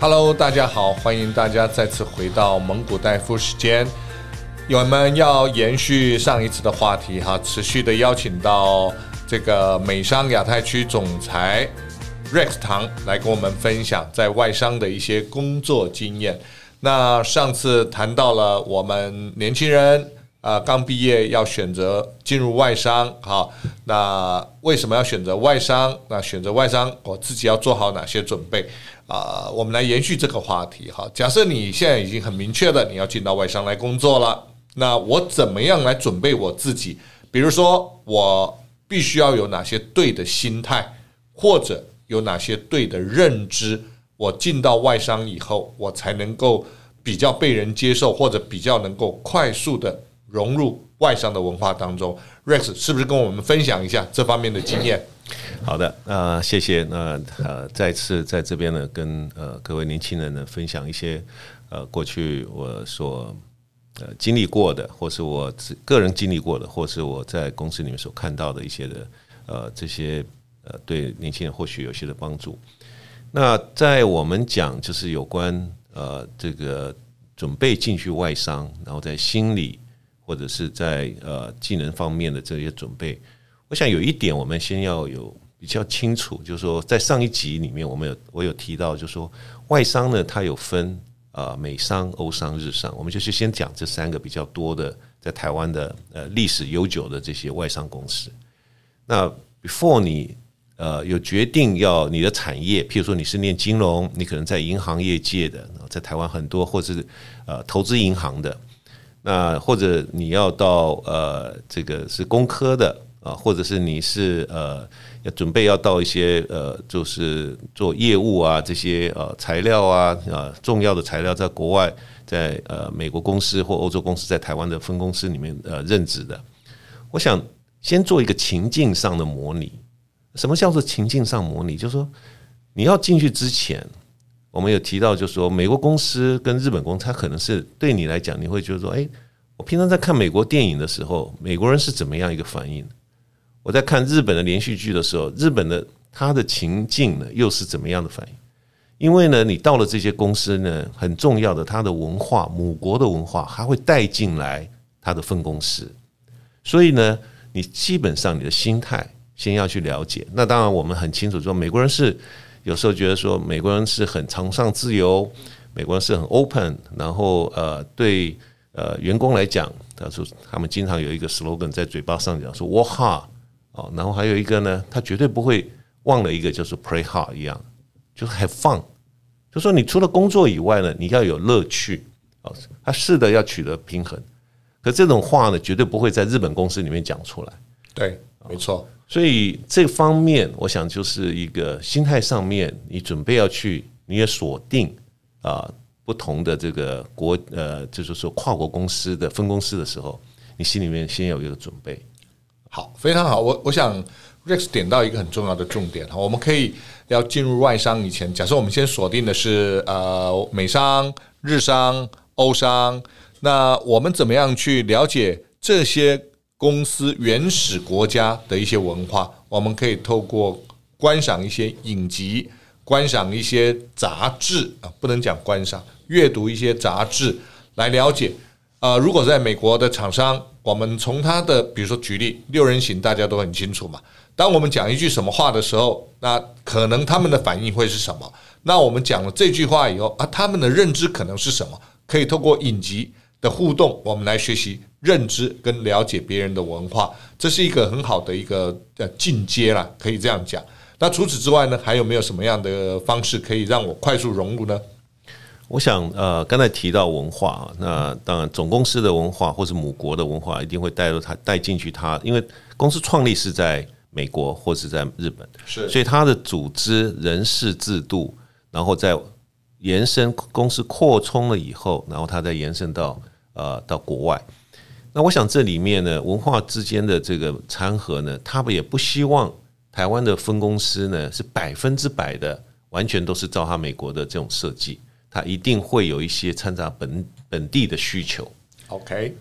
Hello，大家好，歡迎大家再次回到萌骨戴夫時間。我們要延續上一次的話題哈，持續的邀請到這個美商亞太區總裁 Rex 唐來跟我們分享在外商的一些工作經驗。那上次談到了我們年輕人。啊、呃，剛畢業要選擇進入外商，好，那為什麼要選擇外商？那選擇外商，我自己要做好哪些準備啊、呃？我們來延續這個話題，哈。假設你現在已經很明確的你要進到外商來工作了，那我怎麼樣來準備我自己？比如說，我必須要有哪些對的心態，或者有哪些對的認知，我進到外商以後，我才能夠比較被人接受，或者比較能夠快速的。融入外商的文化當中，Rex 是不是跟我們分享一下這方面的經驗？好的，那、呃、謝謝。那呃，再次在這邊呢，跟呃各位年輕人呢分享一些呃過去我所呃經歷過的，或是我個人經歷過的，或是我在公司裡面所看到的一些的呃這些呃對年輕人或許有些的幫助。那在我們講就是有關呃這個準備進去外商，然後在心理。或者是在呃技能方面的這些準備，我想有一點我們先要有比較清楚，就是說在上一集裡面我們有我有提到，就是說外商呢它有分呃美商、歐商、日商，我們就是先講這三個比較多的在台灣的呃歷史悠久的這些外商公司。那 before 你呃有決定要你的產業，譬如說你是念金融，你可能在銀行業界的，在台灣很多，或者是呃投資銀行的。那或者你要到呃，這個是工科的啊，或者是你是呃，要準備要到一些呃，就是做業務啊，這些呃材料啊、啊重要的材料，在國外，在呃美國公司或歐洲公司在台灣的分公司裡面呃任職的，我想先做一個情境上的模擬。什麼叫做情境上模擬？就是說你要進去之前。我們有提到，就是說，美國公司跟日本公司，它可能是對你來講，你會覺得說，誒，我平常在看美國電影的時候，美國人是怎麼樣一個反應？我在看日本的連續劇的時候，日本的它的情境呢，又是怎麼樣的反應？因為呢，你到了這些公司呢，很重要的，它的文化，母國的文化，它會帶進來它的分公司，所以呢，你基本上你的心態先要去了解。那當然，我們很清楚，說美國人是。有時候覺得說美國人是很崇尚自由，美國人是很 open，然後呃對呃員工來講，他說他們經常有一個 slogan 在嘴巴上講說 work hard 哦，然後還有一個呢，他絕對不會忘了一個就是 play hard 一樣，就是 have fun，就說你除了工作以外呢，你要有樂趣哦。他試著要取得平衡，可這種話呢，絕對不會在日本公司裡面講出來，對。沒錯，所以這方面我想就是一個心態上面，你準備要去，你也鎖定啊、呃、不同的這個國呃，就是說跨國公司的分公司的時候，你心裡面先有一個準備。好，非常好，我我想 Rex 點到一個很重要的重點哈，我們可以要進入外商以前，假設我們先鎖定的是呃美商、日商、歐商，那我們怎麼樣去了解這些？公司原始國家的一些文化，我們可以透過觀賞一些影集，觀賞一些雜誌啊，不能講觀賞，閱讀一些雜誌來了解。啊、呃。如果在美國的廠商，我們從他的比如說舉例，六人行大家都很清楚嘛。當我們講一句什麼話的時候，那可能他們的反應會是什麼？那我們講了這句話以後啊，他們的認知可能是什麼？可以透過影集的互動，我們來學習認知跟了解別人的文化，這是一個很好的一個呃進階啦，可以這樣講。那除此之外呢，還有沒有什麼樣的方式可以讓我快速融入呢？我想呃，剛才提到文化啊，那當然總公司的文化或是母國的文化一定會帶入它帶進去它，因為公司創立是在美國或是在日本，是所以它的組織人事制度，然後再延伸公司擴充了以後，然後它再延伸到。呃，到國外，那我想這裡面呢，文化之間的這個摻和呢，他們也不希望台灣的分公司呢是百分之百的，完全都是照他美國的這種設計，他一定會有一些摻雜本本地的需求。OK。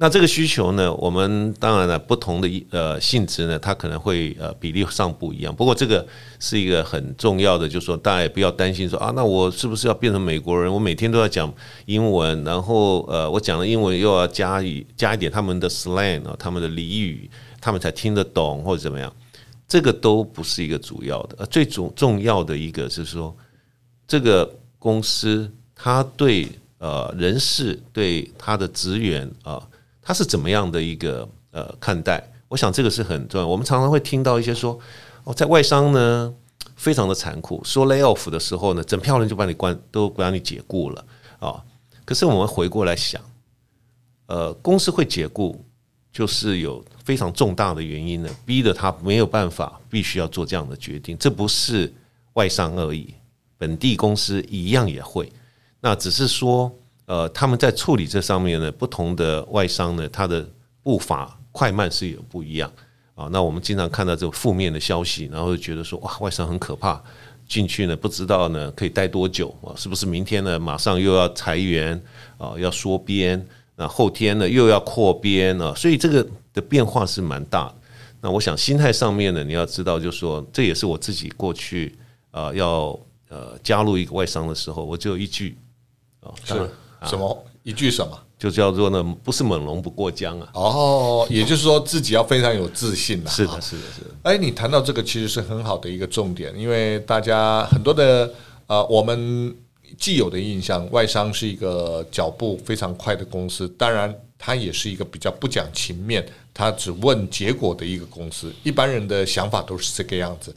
那這個需求呢，我們當然了，不同的呃性質呢，它可能會呃比例上不一樣。不過這個是一個很重要的，就是說大家也不要擔心說啊，那我是不是要變成美國人？我每天都要講英文，然後呃，我講的英文又要加一加一點他們的 slang 他們的俚語，他們才聽得懂或者怎麼樣？這個都不是一個主要的，呃，最主重要的一個是說，這個公司他對呃人事對他的職員啊。他是怎麼樣的一個呃看待？我想這個是很重要。我們常常會聽到一些說哦，在外商呢非常的殘酷，說 lay off 的時候呢，整票人就把你關，都把你解雇了啊。可是我們回過來想，呃，公司會解雇，就是有非常重大的原因呢，逼得他沒有辦法，必須要做這樣的決定。這不是外商而已，本地公司一樣也會。那只是說。呃，他們在處理這上面呢，不同的外商呢，他的步伐快慢是有不一樣啊。那我們經常看到這種負面的消息，然後就覺得說哇，外商很可怕，進去呢不知道呢可以待多久啊？是不是明天呢馬上又要裁員啊？要縮編，那、啊、後天呢又要擴編啊？所以這個的變化是蠻大的。那我想心態上面呢，你要知道，就是說這也是我自己過去啊要呃加入一個外商的時候，我就有一句啊。什麼一句什麼就叫做呢？不是猛龍不過江啊！哦，也就是說自己要非常有自信的啊。是的，是的，是的。哎，你談到這個其實是很好的一個重點，因為大家很多的呃，我們既有的印象，外商是一個腳步非常快的公司，當然他也是一個比較不講情面，他只問結果的一個公司。一般人的想法都是這個樣子。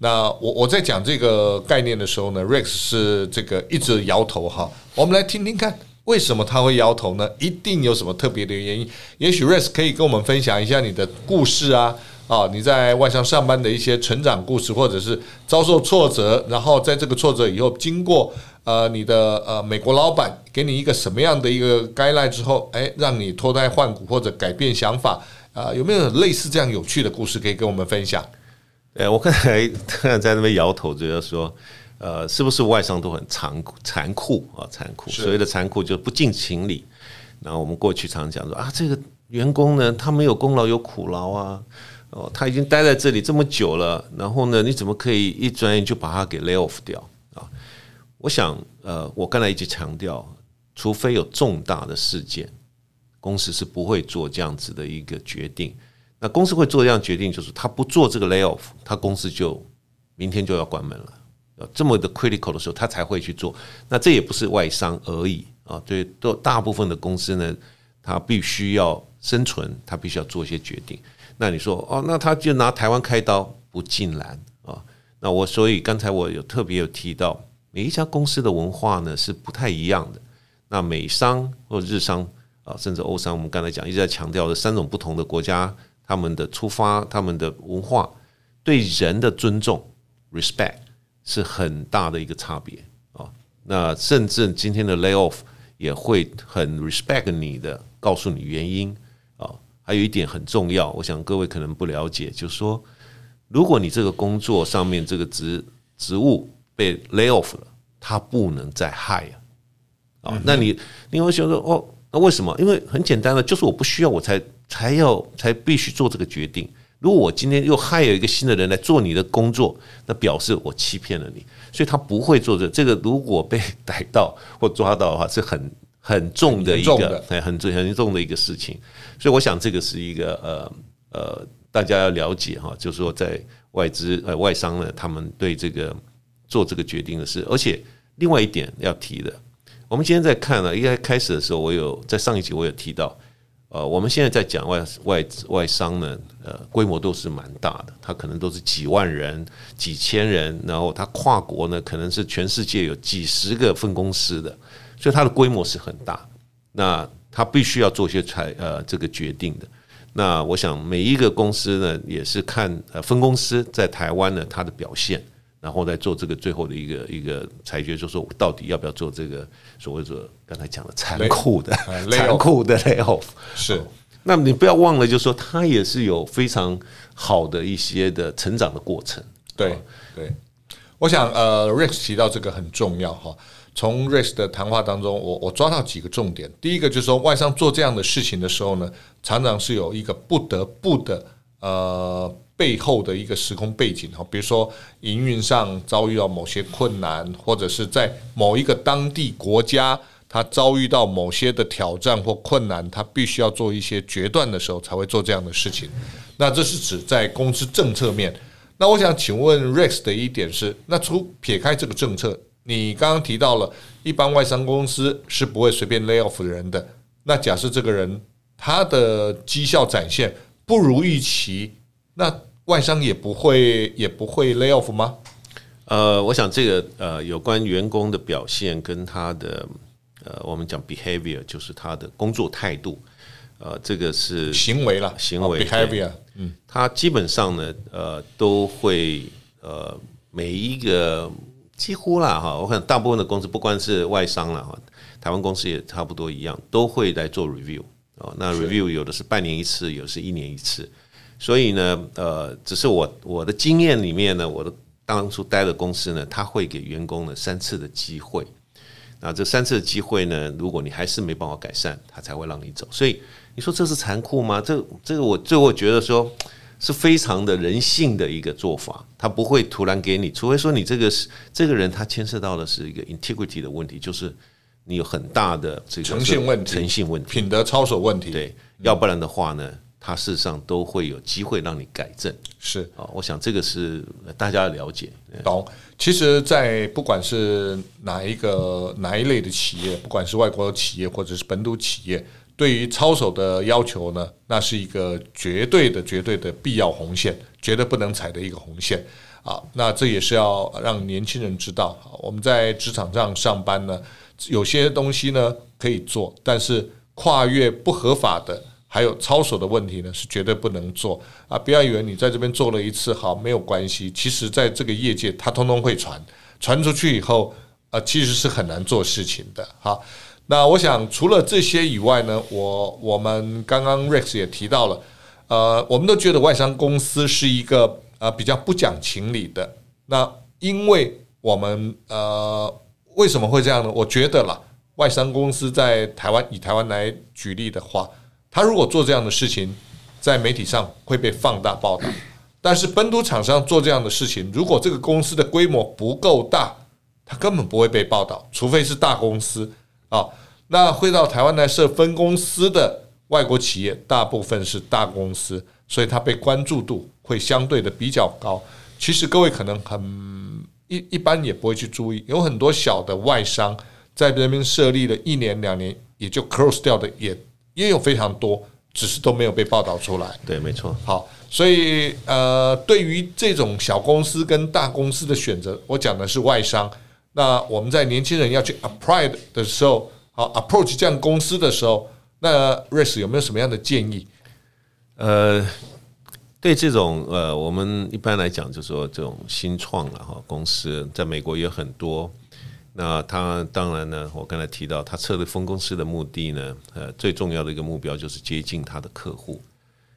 那我我在講這個概念的時候呢，Rex 是這個一直搖頭哈。我們來聽聽看，為什麼他會搖頭呢？一定有什麼特別的原因。也許 Rex 可以跟我們分享一下你的故事啊，啊，你在外商上班的一些成長故事，或者是遭受挫折，然後在這個挫折以後，經過呃你的呃美國老闆給你一個什麼樣的一個概念之後，哎，讓你脫胎換骨或者改變想法啊？有沒有類似這樣有趣的故事可以跟我們分享？哎、欸，我剛才突然在那邊搖頭，覺得說，呃，是不是外商都很殘酷、殘酷啊？殘酷所謂的殘酷，是，就是不近情理。然後我們過去常講說啊，這個員工呢，他沒有功勞有苦勞啊，哦，他已經待在這裡這麼久了，然後呢，你怎麼可以一轉眼就把他給 lay off 掉啊？我想，呃，我剛才一直強調，除非有重大的事件，公司是不會做這樣子的一個決定。那公司會做這樣決定，就是他不做這個 lay off，他公司就明天就要關門了。呃，這麼的 critical 的時候，他才會去做。那這也不是外商而已啊，對，都大部分的公司呢，他必須要生存，他必須要做一些決定。那你說哦，那他就拿台灣開刀，不盡然啊。那我所以剛才我有特別有提到，每一家公司的文化呢，是不太一樣的。那美商或者日商啊，甚至歐商，我們剛才講一直在強調的三種不同的國家。他們的出發，他們的文化對人的尊重，respect 是很大的一個差別啊。那甚至今天的 lay off 也會很 respect 你的，告訴你原因啊、哦。還有一點很重要，我想各位可能不了解，就是說，如果你這個工作上面這個職職務被 lay off 了，它不能再 hire 啊、哦嗯哼。啊，那你你會想說哦。那為什麼？因為很簡單的，就是我不需要，我才才要才必須做這個決定。如果我今天又還有一個新的人來做你的工作，那表示我欺騙了你，所以他不會做這個，這個如果被逮到或抓到的話，是很很重的一個很很重很重的一個事情。所以我想這個是一個呃呃，大家要了解哈，就是說在外資呃外商呢，他們對這個做這個決定的事，而且另外一點要提的。我們今天在看呢，一開始的時候，我有在上一集我有提到，呃，我們現在在講外外資外商呢，呃，規模都是蠻大的，它可能都是幾萬人、幾千人，然後它跨國呢，可能是全世界有幾十個分公司的，所以它的規模是很大，那它必須要做些裁呃這個決定的，那我想每一個公司呢，也是看呃分公司在台灣呢它的表現。然後再做這個最後的一個一個裁決，就是、說我到底要不要做這個所謂說剛才講的殘酷的雷殘酷的 layoff。是，哦、那麼你不要忘了，就是說它也是有非常好的一些的成長的過程。對對，我想呃，Rex 提到這個很重要哈。從 Rex 的談話當中，我我抓到幾個重點。第一個就是說，外商做這樣的事情的時候呢，常常是有一個不得不的。呃，背後的一個時空背景哈，比如說營運上遭遇到某些困難，或者是在某一個當地國家，他遭遇到某些的挑戰或困難，他必須要做一些決斷的時候，才會做這樣的事情。那這是指在公司政策面。那我想請問 Rex 的一點是，那除撇開這個政策，你剛剛提到了一般外商公司是不會隨便 lay off 人的。那假設這個人他的績效展現。不如預期，那外商也不會也不會 lay off 嗎？呃，我想這個呃，有關員工的表現跟他的呃，我們講 behavior，就是他的工作態度，呃，這個是行為了行為 behavior，嗯，他基本上呢，呃，都會呃，每一個幾乎啦哈，我看大部分的公司，不管是外商啦哈，台灣公司也差不多一樣，都會來做 review。哦，那 review 有的是半年一次，是有的是一年一次，所以呢，呃，只是我我的經驗裡面呢，我的當初待的公司呢，他會給員工呢三次的機會，那這三次的機會呢，如果你還是沒辦法改善，他才會讓你走。所以你說這是殘酷嗎？這這個我最後覺得說是非常的人性的一個做法，他不會突然給你，除非說你這個是這個人他牽涉到的是一個 integrity 的問題，就是。你有很大的這個信誠信問題、誠信問題、品德操守問題。對，嗯、要不然的話呢，它事實上都會有機會讓你改正。是啊，我想這個是大家要了解。懂，嗯、其實，在不管是哪一個哪一類的企業，不管是外國企業或者是本土企業，對於操守的要求呢，那是一個絕對的、絕對的必要紅線，絕對不能踩的一個紅線。啊，那這也是要讓年輕人知道，我們在職場上上班呢。有些東西呢可以做，但是跨越不合法的，還有操守的問題呢，是絕對不能做啊！不要以為你在這邊做了一次好，沒有關係。其實，在這個業界，它通通會傳傳出去以後啊，其實是很難做事情的。好，那我想，除了這些以外呢，我我們剛剛 Rex 也提到了，呃，我們都覺得外商公司是一個呃比較不講情理的，那因為我們呃。為什麼會這樣呢？我覺得啦，外商公司在台灣以台灣來舉例的話，他如果做這樣的事情，在媒體上會被放大報道；但是本土廠商做這樣的事情，如果這個公司的規模不夠大，他根本不會被報道，除非是大公司啊、哦。那會到台灣來設分公司的外國企業，大部分是大公司，所以它被關注度會相對的比較高。其實各位可能很。一一般也不會去注意，有很多小的外商在那邊設立了一年兩年，也就 close 掉的也，也也有非常多，只是都沒有被報道出來。對，沒錯。好，所以呃，對於這種小公司跟大公司的選擇，我講的是外商。那我們在年輕人要去 apply 的時候，好，approach 這樣公司的時候，那 Rex 有沒有什麼樣的建議？呃。對這種呃，我們一般來講就是說這種新創的、啊、哈公司，在美國也很多。那他當然呢，我剛才提到他設立分公司的目的呢，呃，最重要的一個目標就是接近他的客戶，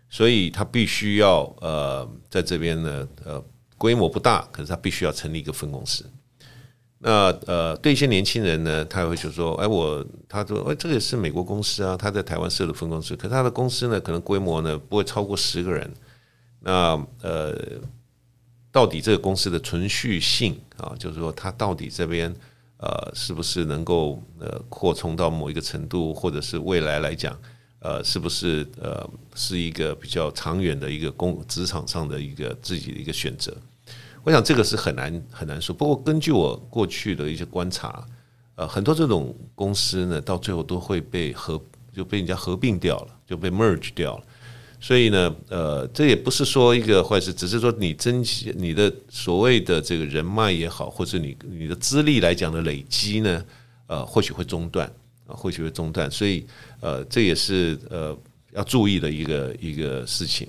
所以他必須要呃在這邊呢，呃，規模不大，可是他必須要成立一個分公司。那呃，對一些年輕人呢，他會就說：“哎，我他說，哎、哦，這也是美國公司啊，他在台灣設的分公司，可他的公司呢，可能規模呢不會超過十個人。”那呃，到底這個公司的存續性啊，就是說它到底這邊呃是不是能夠呃擴充到某一個程度，或者是未來來講呃是不是呃是一個比較長遠的一個工職場上的一個自己的一個選擇？我想這個是很難很難說。不過根據我過去的一些觀察，呃，很多這種公司呢，到最後都會被合就被人家合併掉了，就被 merge 掉了。所以呢，呃，這也不是說一個壞事，只是說你珍惜你的所謂的這個人脈也好，或者你你的資歷來講的累積呢，呃，或許會中斷，或許會中斷，所以，呃，這也是呃要注意的一個一個事情。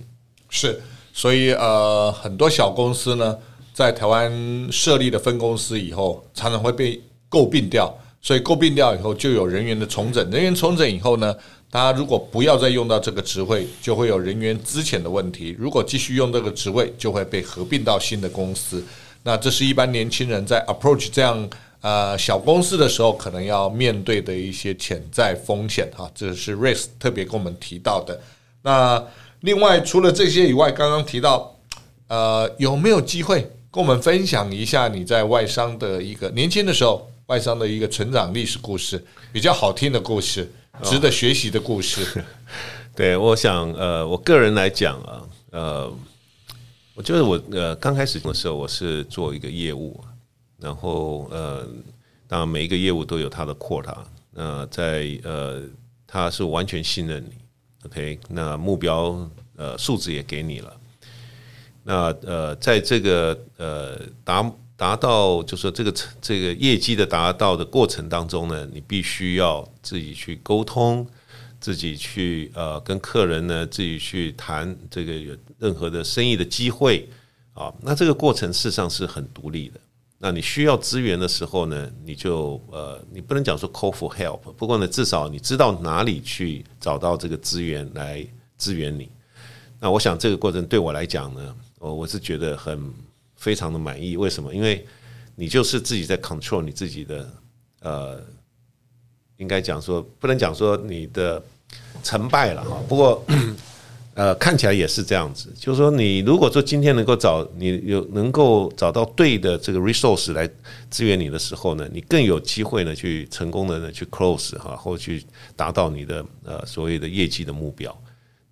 是，所以呃，很多小公司呢，在台灣設立的分公司以後，常常會被購併掉，所以購併掉以後，就有人員的重整，人員重整以後呢。大家如果不要再用到這個職位，就會有人員資遣的問題；如果繼續用這個職位，就會被合併到新的公司。那這是一般年輕人在 approach 這樣呃小公司的時候，可能要面對的一些潛在風險哈、啊，這是 Rex 特別跟我們提到的。那另外，除了這些以外，剛剛提到呃有沒有機會跟我們分享一下你在外商的一個年輕的時候，外商的一個成長歷史故事，比較好聽的故事。值得學習的故事，哦，對，對我想，呃，我個人來講啊，呃，我覺得我，呃，剛開始的時候我是做一個業務，然後呃，當然每一個業務都有他的 quota，那在呃，他、呃、是完全信任你，OK，那目標呃數字也給你了，那呃，在這個呃達。達到就是說這個這個業績的達到的過程當中呢，你必須要自己去溝通，自己去呃跟客人呢自己去談這個有任何的生意的機會啊。那這個過程事實上是很獨立的。那你需要資源的時候呢，你就呃你不能講說 call for help，不過呢至少你知道哪裡去找到這個資源來支援你。那我想這個過程對我來講呢，我我是覺得很。非常的滿意，為什麼？因為，你就是自己在 control 你自己的，呃，應該講說，不能講說你的成敗了哈。不過，呃，看起來也是這樣子，就是說，你如果說今天能夠找你有能夠找到對的這個 resource 來支援你的時候呢，你更有機會呢去成功的呢去 close 哈，或去達到你的呃所謂的業績的目標。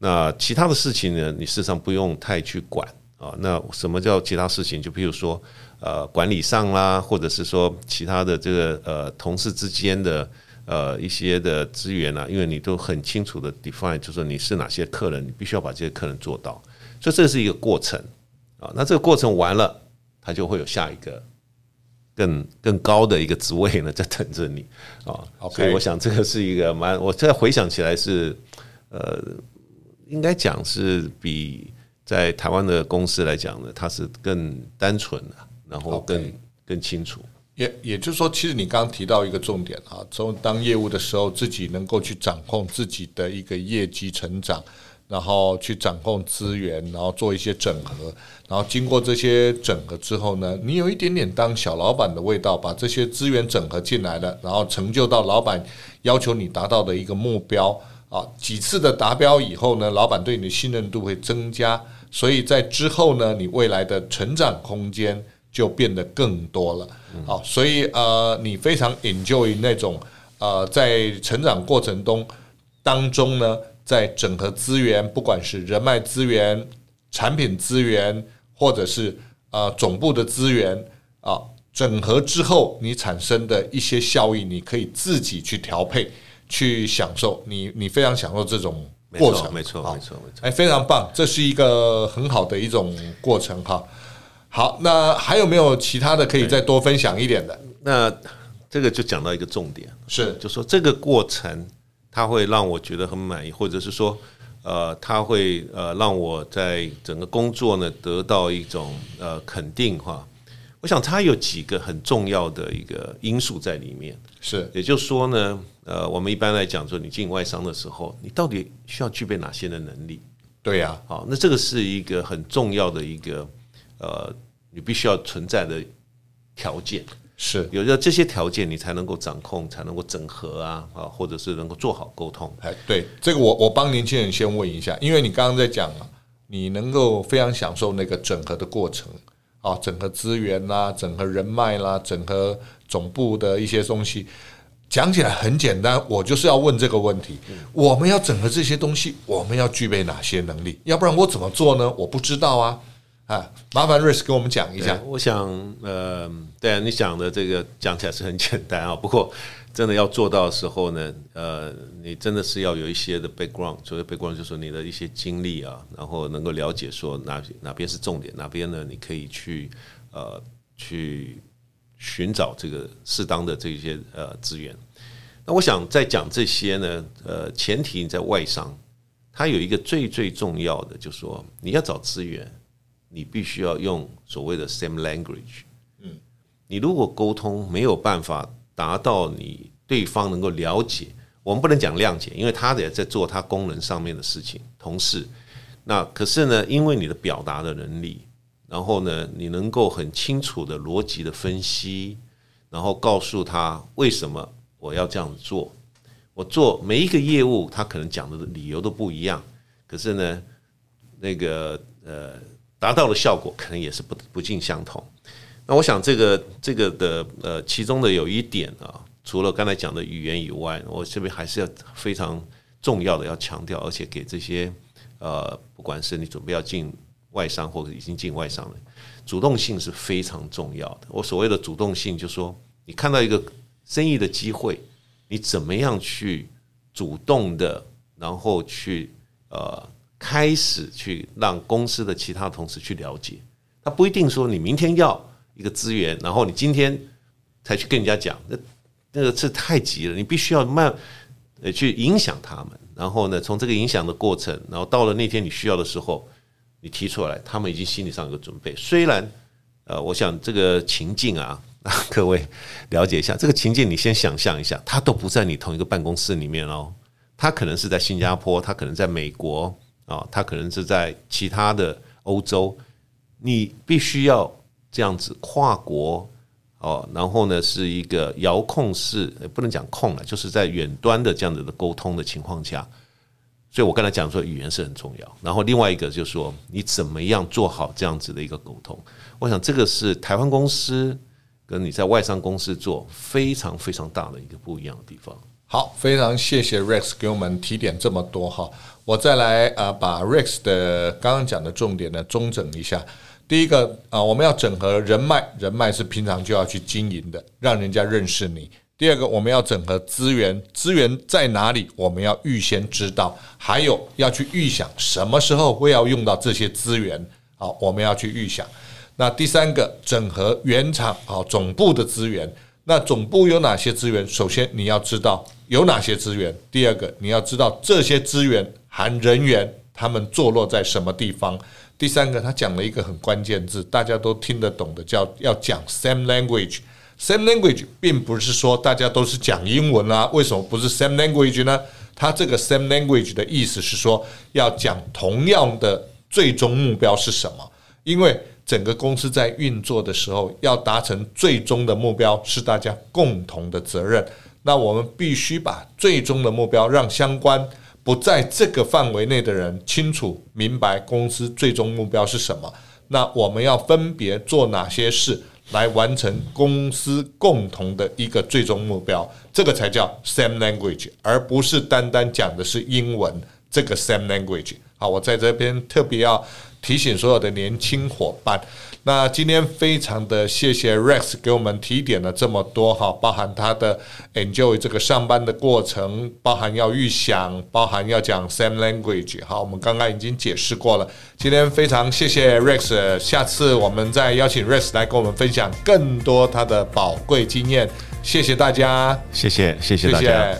那其他的事情呢，你事實上不用太去管。啊、哦，那什麼叫其他事情？就比如說，呃，管理上啦，或者是說其他的這個呃，同事之間的呃一些的資源啊，因為你都很清楚的 define，就是你是哪些客人，你必須要把這些客人做到。所以這是一個過程啊、哦。那這個過程完了，他就會有下一個更更高的一個職位呢，在等着你啊。哦、OK，所以我想這個是一個蠻，我再回想起來是，呃，應該講是比。在台灣的公司來講呢，它是更單純啊，然後更 Okay. 更清楚。也、yeah, 也就是說，其實你剛剛提到一個重點啊，從當業務的時候，自己能夠去掌控自己的一個業績成長，然後去掌控資源，然後做一些整合，然後經過這些整合之後呢，你有一點點當小老闆的味道，把這些資源整合進來了，然後成就到老闆要求你達到的一個目標啊。幾次的達標以後呢，老闆對你的信任度會增加。所以在之後呢，你未來的成長空間就變得更多了。好，所以呃，你非常 enjoy 那種呃，在成長過程中當中呢，在整合資源，不管是人脈資源、產品資源，或者是呃總部的資源啊，整合之後，你產生的一些效益，你可以自己去調配去享受。你你非常享受這種。沒錯，沒錯，沒錯，沒錯。哎，非常棒，對 這是一個很好的一種過程哈。好，那還有沒有其他的可以再多分享一點的？那這個就講到一個重點，是就說這個過程，他會讓我覺得很滿意，或者是說，呃，他會呃讓我在整個工作呢得到一種呃肯定哈。我想它有幾個很重要的一個因素在裡面，是，也就是說呢，呃，我們一般來講說，你進外商的時候，你到底需要具備哪些的能力？對呀、啊，好，那這個是一個很重要的一個，呃，你必須要存在的條件是，有了這些條件，你才能夠掌控，才能夠整合啊，啊，或者是能夠做好溝通。哎，對，這個我我幫年輕人先問一下，因為你剛剛在講啊，你能夠非常享受那個整合的過程。啊，整合資源啦、啊，整合人脈啦、啊，整合總部的一些東西，講起來很簡單。我就是要問這個問題：我們要整合這些東西，我們要具備哪些能力？要不然我怎麼做呢？我不知道啊！啊，麻煩瑞斯跟我們講一下。我想，呃，對啊，你講的這個講起來是很簡單啊，不過。真的要做到的時候呢，呃，你真的是要有一些的 background，所謂 background 就是你的一些經歷啊，然後能夠了解說哪哪邊是重點，哪邊呢你可以去呃去尋找這個適當的這些呃資源。那我想在講這些呢，呃，前提你在外商，它有一個最最重要的，就是說你要找資源，你必須要用所謂的 same language，嗯，你如果溝通沒有辦法。達到你對方能夠了解，我們不能講諒解，因為他也在做他功能上面的事情。同事，那可是呢，因為你的表達的能力，然後呢，你能夠很清楚的邏輯的分析，然後告訴他為什麼我要這樣子做。我做每一個業務，他可能講的理由都不一樣，可是呢，那個呃，達到的效果可能也是不不盡相同。那我想這個這個的呃，其中的有一點啊，除了剛才講的語言以外，我這邊還是要非常重要的要強調，而且給這些呃，不管是你準備要進外商或者已經進外商了，主動性是非常重要的。我所謂的主動性就是說，就說你看到一個生意的機會，你怎麼樣去主動的，然後去呃，開始去讓公司的其他的同事去了解，他不一定說你明天要。一個資源，然後你今天才去跟人家講那，那那個是太急了，你必須要慢呃去影響他們，然後呢，從這個影響的過程，然後到了那天你需要的時候，你提出來，他們已經心理上有個準備。雖然呃，我想這個情境啊，各位了解一下，這個情境你先想象一下，他都不在你同一個辦公室裡面哦，他可能是在新加坡，他可能在美國啊，他，哦，可能是在其他的歐洲，你必須要。這樣子跨國哦，然後呢是一個遙控式，不能講控了，就是在遠端的這樣子的溝通的情況下，所以我剛才講說語言是很重要，然後另外一個就是說你怎麼樣做好這樣子的一個溝通，我想這個是台灣公司跟你在外商公司做非常非常大的一個不一樣的地方。好，非常謝謝 Rex 給我們提點這麼多哈，我再來啊把 Rex 的剛剛講的重點呢綜整一下。第一個啊，我們要整合人脈，人脈是平常就要去經營的，讓人家認識你。第二個，我們要整合資源，資源在哪裡，我們要預先知道，還有要去預想什麼時候會要用到這些資源。好，我們要去預想。那第三個，整合原廠、好、哦、總部的資源。那總部有哪些資源？首先你要知道有哪些資源。第二個，你要知道這些資源含人員，他們坐落在什麼地方。第三個，他講了一個很關鍵字，大家都聽得懂的，叫要講 same language。same language 並不是說大家都是講英文啊，為什麼不是 same language 呢？他這個 same language 的意思是說要講同樣的最終目標是什麼？因為整個公司在運作的時候，要達成最終的目標是大家共同的責任。那我們必須把最終的目標讓相關。不在這個範圍內的人清楚明白，公司最終目標是什麼？那我們要分別做哪些事來完成公司共同的一個最終目標，這個才叫 same language，而不是單單講的是英文，這個 same language。好，我在這邊特別要。提醒所有的年輕夥伴，那今天非常的謝謝 Rex 給我們提點了這麼多哈，包含他的 enjoy 這個上班的過程，包含要預想，包含要講 same language，好，我們剛剛已經解釋過了。今天非常謝謝 Rex，下次我們再邀請 Rex 來跟我們分享更多他的寶貴經驗。謝謝大家，謝謝，謝謝大家。謝謝。